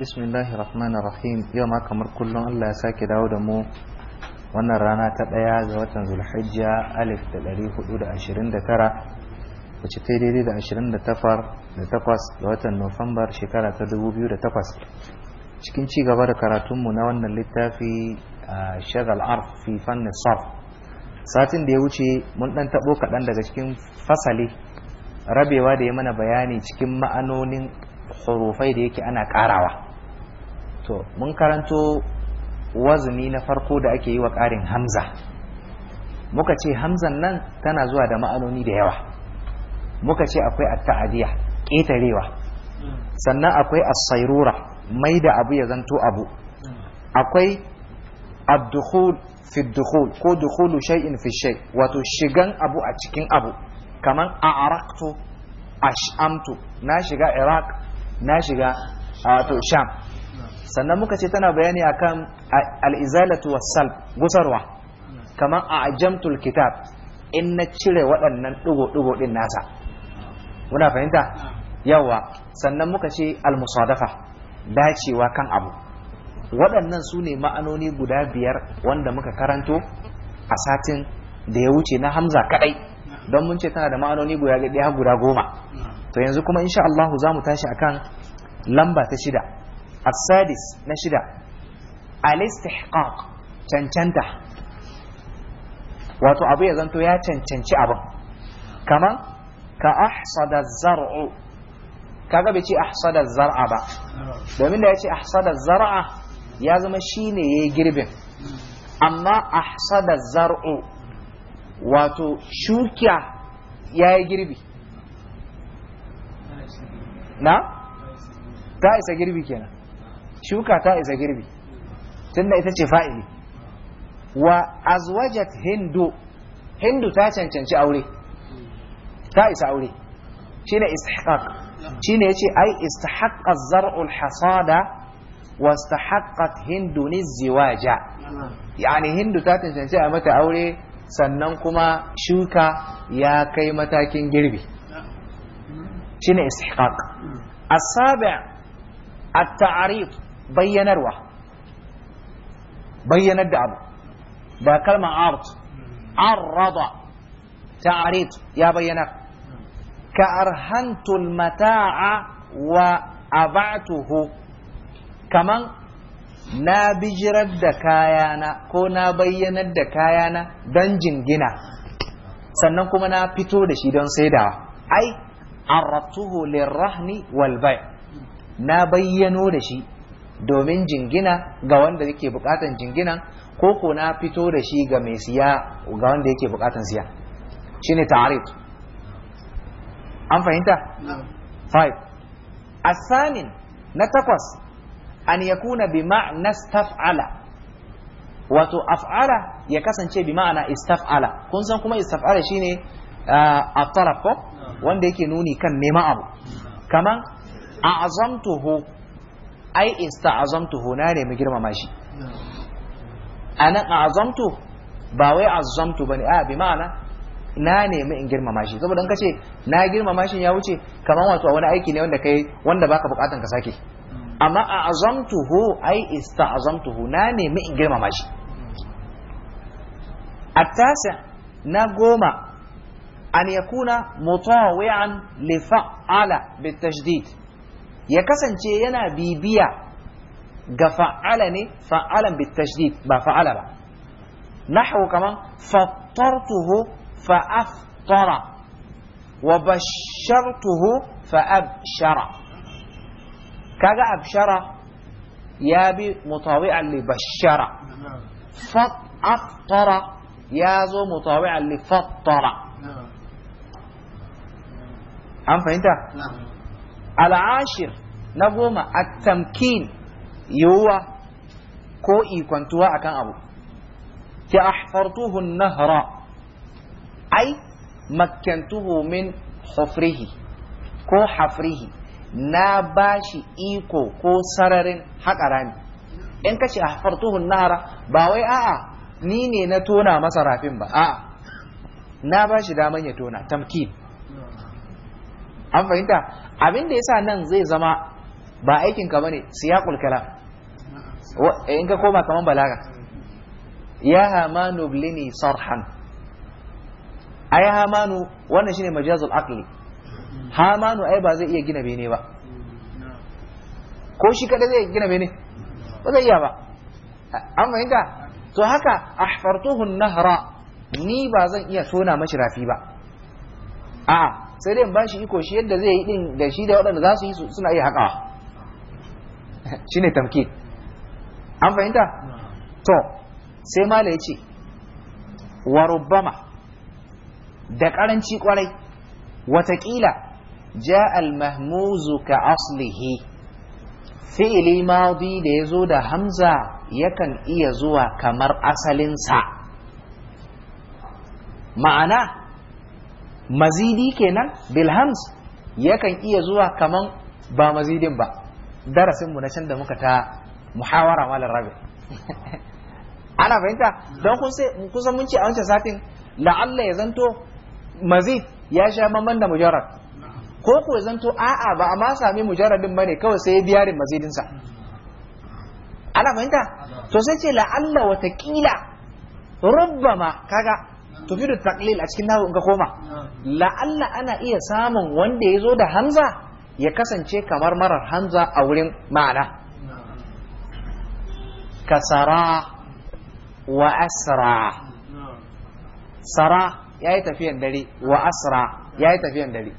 bismillahi rahmanir rahim yau ma kamar kullum Allah ya sake dawo da mu wannan rana ta ɗaya ga watan zulhijja alif da ɗari hudu da ashirin da tara wacce ta daidai da ashirin da tafar da takwas ga watan nofambar shekara ta dubu biyu da takwas cikin ci gaba da karatunmu na wannan littafi a shagal arf fi fannin satin da ya wuce mun ɗan taɓo kaɗan daga cikin fasali rabewa da ya mana bayani cikin ma'anonin hurufai da yake ana karawa to mun karanto wazni na farko da ake yi wa karin hamza muka ce hamzan nan tana zuwa da ma'anoni da yawa muka ce akwai at ƙetarewa sannan akwai as mai da abu ya zanto abu akwai ad-dukhul fi dukhul ko dukhulu shay'in fi shay wato shigan abu a cikin abu kaman a'raqtu ash'amtu na shiga iraq na shiga a wato sham sannan muka ce tana bayani akan al'izalatu wasal gusarwa kamar a ajamtul kitab in na cire waɗannan ɗigo-ɗigo ɗin nasa muna fahimta yawa sannan muka ce al-musadafa dacewa kan abu waɗannan su ne ma'anoni guda biyar wanda muka karanto a satin da ya wuce na hamza kaɗai don mun ce tana da ma'anoni guda guda goma to yanzu kuma insha Allah za mu tashi akan lamba ta shida as na shida al cancanta wato abu ya zanto ya cancanci abin kaman ka ahsada zar'u kaga bai ce ahsada zar'a ba domin da ya ce ahsada zar'a ya zama shine yayi girbin amma ahsada zar'u wato shuka yi girbi na ta isa girbi kenan shuka ta isa girbi tunda ita ce fa'ili wa azwajat hindu hindu ta cancanci aure ta isa aure shine istihqaq shine yace ai istihaqqa az-zar'u al-hasada wa istahaqqat hindu niziwaja yani hindu ta cancanci a mata aure sannan kuma shuka ya kai matakin girbi shine istihqaq asabi at-ta'rif bayyanarwa bayyanar da abu ba kalmar art arrada ta'rif ya bayyana ka arhantul mata'a wa abatuhu kaman na bijirar da kayana ko na bayyanar da kayana don jingina sannan kuma na fito da shi don saidawa ai arrabtuhu lirrahni wal bay' na bayyano da shi domin jingina ga wanda yake bukatan jingina, ko ko na fito da shi ga mai siya ga wanda yake bukatan siya shine ta'arif an fahimta 5 asamin na takwas an yakuna bi ma'na staf'ala wato af'ala ya kasance bi ma'ana istaf'ala kun san kuma istaf'ala shine a ah, tarafa wanda yake nuni kan nema abu kaman a'zamtuhu ai ista'zamtuhu na nemi girmama shi a a'zamtu ba wai azamtu bane a bi ma'ana na nemi in girmama shi saboda ka ce na girmama shi ya wuce kaman wato wani aiki ne wanda kai wanda baka bukatan ka sake amma a a'zamtuhu ai ista'zamtuhu na nemi in girmama shi tasa na goma أن يكون مطاوعا لفعل بالتشديد بالتجديد يكسن جينا بيبيا جفعلني فعلا بالتشديد ما فعل بقى. نحو كما فطرته فأفطر وبشرته فأبشر كذا أبشر يابي مطاوعا لبشر فأفطر يازو مطاوعا لفطر an fahimta al'ashir na goma a tamkin yiwuwa ko ikwantuwa akan abu ki ahfartuhu nahra ai makkantuhu min hufrihi ko hafrihi na bashi iko ko sararin haƙa ne. in ka ce ahfartuhu nahra ba wai a'a ni ne na tona masa rafin ba a'a na bashi daman ya tona tamkin an fahimta abin da yasa nan zai zama ba aikin ka bane siyaqul kalam in ka koma kaman balaga ya hamanu blini sarhan ay hamanu wannan shine majazul aqli hamanu ai ba zai iya gina bene ba ko shi kada zai gina bene ba zai iya ba an fahimta to haka ahfartuhu nahra ni ba zan iya tona mashi rafi ba a'a sai dai in ba shi iko shi yadda zai yi din da shi da waɗanda za su yi suna iya haƙawa shi ne an fahimta to sai mala ya ce wa rubbama da ƙaranci ƙwarai watakila ja almahmuzu mahmuzu ka aslihi fi'ili madi da ya zo da hamza yakan iya zuwa kamar asalinsa ma'ana mazidi kenan bilhams yakan iya zuwa kaman ba mazidin ba darasin mu na can da muka ta muhawara malar rabi ana fahimta don kusan mun ce a wancan satin la'alla ya zanto mazid ya sha mamman da mujarrad ko ku ya zanto a'a ba a ma sami mujarradin bane kawai sai ya biyarin mazidinsa ana fahimta to sai ce la'alla watakila rubbama kaga tufidu taqlil a cikin nahu in ka koma la'alla ana iya samun wanda ya zo da hamza ya kasance kamar marar hamza a wurin ma'ana kasara wa asra sara ya yi tafiyan dare wa asra ya yi tafiyan dare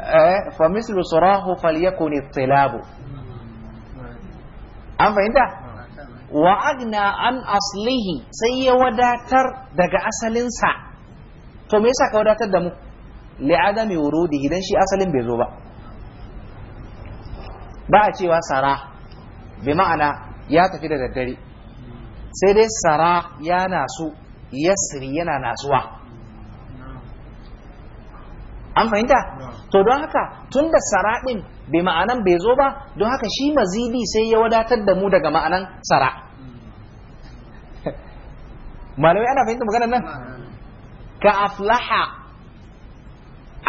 eh, fa mislu sarahu falyakun ittilabu an fahimta wa agna an aslihi sai ya wadatar daga asalinsa to me yasa ka wadatar da mu li adami wurudihi dan shi asalin bai zo ba ba a cewa sara bi ma'ana ya tafi da daddare sai dai sara ya nasu yasri yana nasuwa an fahimta to don haka tun da sara din bai ma'anan bai zo ba don haka shi mazidi sai ya wadatar da mu daga ma'anan sara malamai ana fahimta maganar nan ka aflaha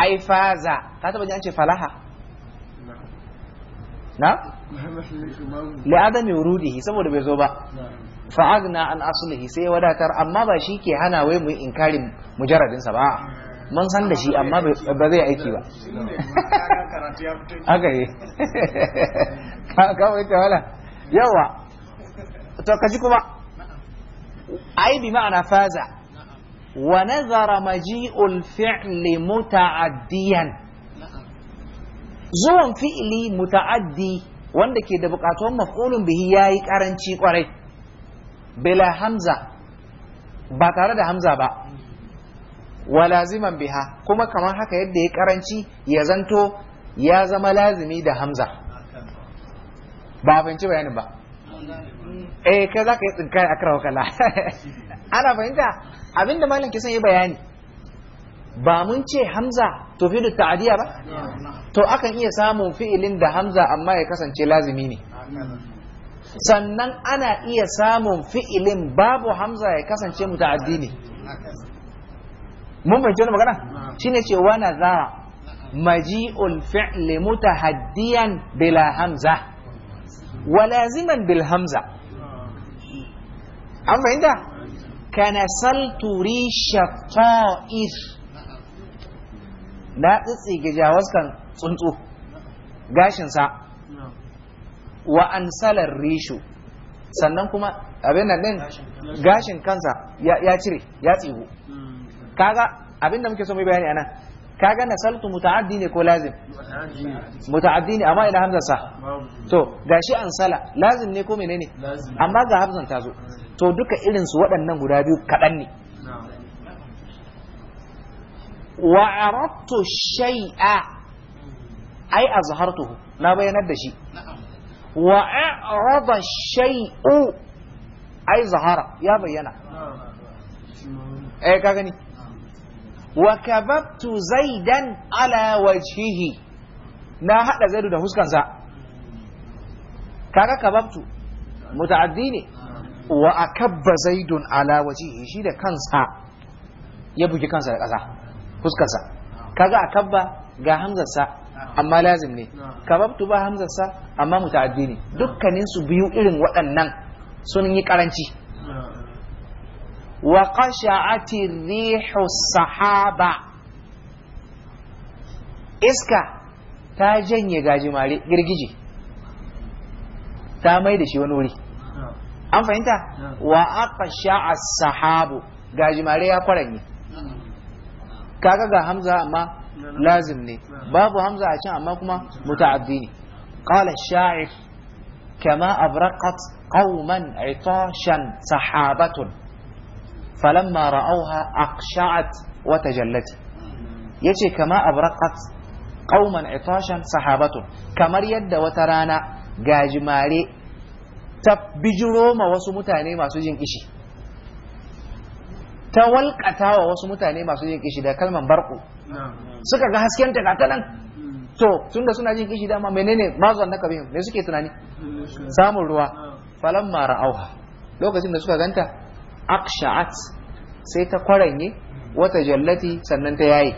ai faza ka taba ji ce falaha na li adami wurudihi saboda bai zo ba fa agna an aslihi sai wadatar amma ba shi ke hana wai mu inkarin mujarradin sa ba mun san da shi amma ba zai aiki ba haka yi ka ka wai tawala yawa to kaji kuma ai bi ma'ana faza wa nazara maji'ul fi'li muta'addiyan zuwan fi'li muta'addi wanda ke da bukatun maf'ulun bihi yayi karanci kwarai bila hamza ba tare da hamza ba wa laziman biha kuma kamar haka yadda ya ƙaranci, ya zanto ya zama lazimi da hamza ba abinci bayanin ba eh za ka yi tsinkari a karawa kala ana fahimta abinda malam ke son yi bayani ba mun ce hamza to fi ta'adiyya ba to akan iya samun fi'ilin da hamza amma ya kasance lazimi ne sannan ana iya samun fi'ilin babu hamza ya kasance muta'addi ne mun fahimci wani magana shine ce wa za maji'ul fi'li mutahaddiyan bila hamza walaziman bil hamza an fahimta kana saltu risha ta'if na tsitsige jawaskan tsuntsu gashinsa wa an sannan kuma abin nan din gashin kansa ya cire ya tsigo kaga abin da muke so mai bayani anan kaga nasaltu muta'addi ne ko lazim muta'addi ne amma ina hamza sa to gashi an sala lazim ne ko menene amma ga hamzan ta zo to duka irin su waɗannan guda biyu kaɗan ne wa aradtu shay'a ai azhartuhu na bayanar da shi wa a'rada shay'u ai zahara ya bayyana eh ka gani wa kababtu zaidan ala wajhihi na hada zaidu da huskansa kaga kababtu muta'addi ne wa akabba zaidun ala wajhihi shi da kansa ya bugi kansa da kasa huskansa kaga akabba ga hamzarsa amma lazim ne kababtu ba hamzarsa amma muta'addi ne Dukkaninsu su biyu irin waɗannan sun yi karanci wa qasha'ati rihu sahaba iska ta janye gajimare girgije ta mai da shi wani wuri an fahimta wa aqsha as-sahabu gajimare ya kwaranye kaga ga hamza amma lazim ne babu hamza a can amma kuma muta'addi ne qala sha'ir kama abraqat qauman 'itashan sahabatun falamma ra'auha aqsha'at wa tajallat yace kama abraqat qauman itashan Sahabatu, kamar yadda wata rana gajimare ta bijiro ma wasu mutane masu jin kishi ta walƙata wa wasu mutane masu jin kishi da kalman barku suka ga hasken ta ta nan to tunda suna jin kishi dama menene mazan na kabin me suke tunani samun ruwa falamma ra'auha lokacin da suka ganta aqsha'at sai ta kwaranye wata jallati sannan ta yayi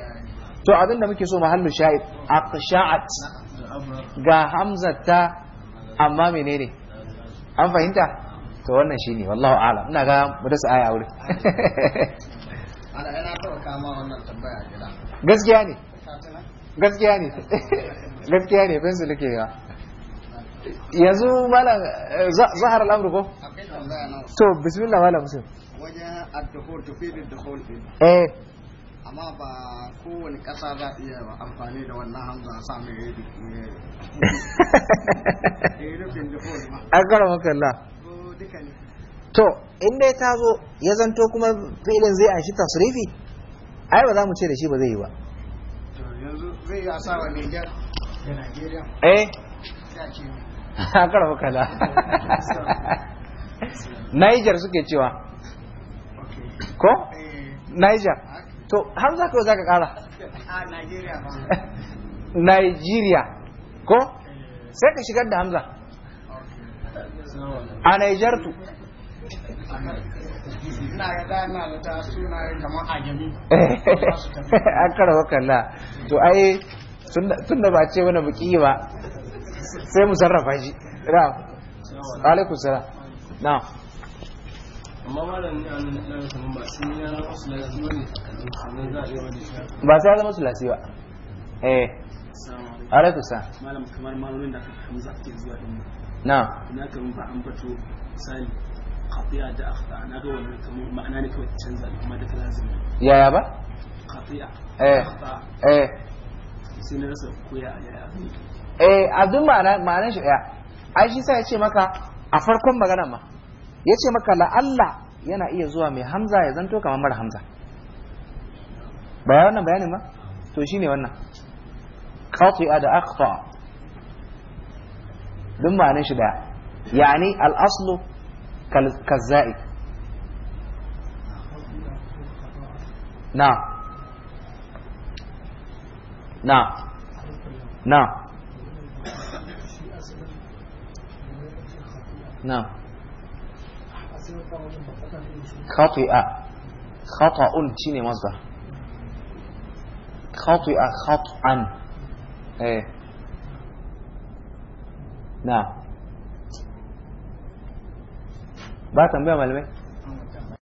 to abinda muke so mahallu sha'id aqsha'at ga hamzata ta amma menene an fahimta to wannan shine wallahu a'lam ina ga mu dasa aya aure gaskiya ne gaskiya ne gaskiya ne fensu lake ba yanzu malam eh, zahar al'amru ko to bismillah malam musul wajen adduhur tufidin dukhul din eh amma ba kowane kasa za iya amfani da wannan hanzu a sami ya yi eh, rufin dukhul ma an kara maka Allah to inda ya ta zo ya zanto kuma filin zai shi tasrifi ai ba za mu ce da shi ba zai yi ba to yanzu zai yi asawa Niger da Nigeria eh a kala niger suke cewa ko niger to har za ka za ka kara ah, nigeria ko sai ka shigar da hamza a Niger tu. an kara kalla to ai tun da ba ce wani buki ba sai mu sarrafa shi na'am alaikum salam samun ba shi wasu ba sai ya zama su sulasi ba eh alaikum salam malam kamar malamin da hamza ake zuwa din na na kan ba an bato misali qati'a da akhta na ga wannan kamar ma'ana ne kawai canza kuma da lazimi yaya ba qati'a eh eh sai na rasa koya a yaya eh a duk ma'anar shi ɗaya, ai shi sai ya ce maka a farkon magana ma ya ce maka la'alla yana iya zuwa mai hamza ya zanto kamar mara hamza ba ya wannan bayanin ma to shi ne wannan khati'a da akhta duk ma'anar shi daya yani al-aslu kazza'i na na na na khati'a khata'un shine masdar khati'a khat'an eh na ba tambaya malamai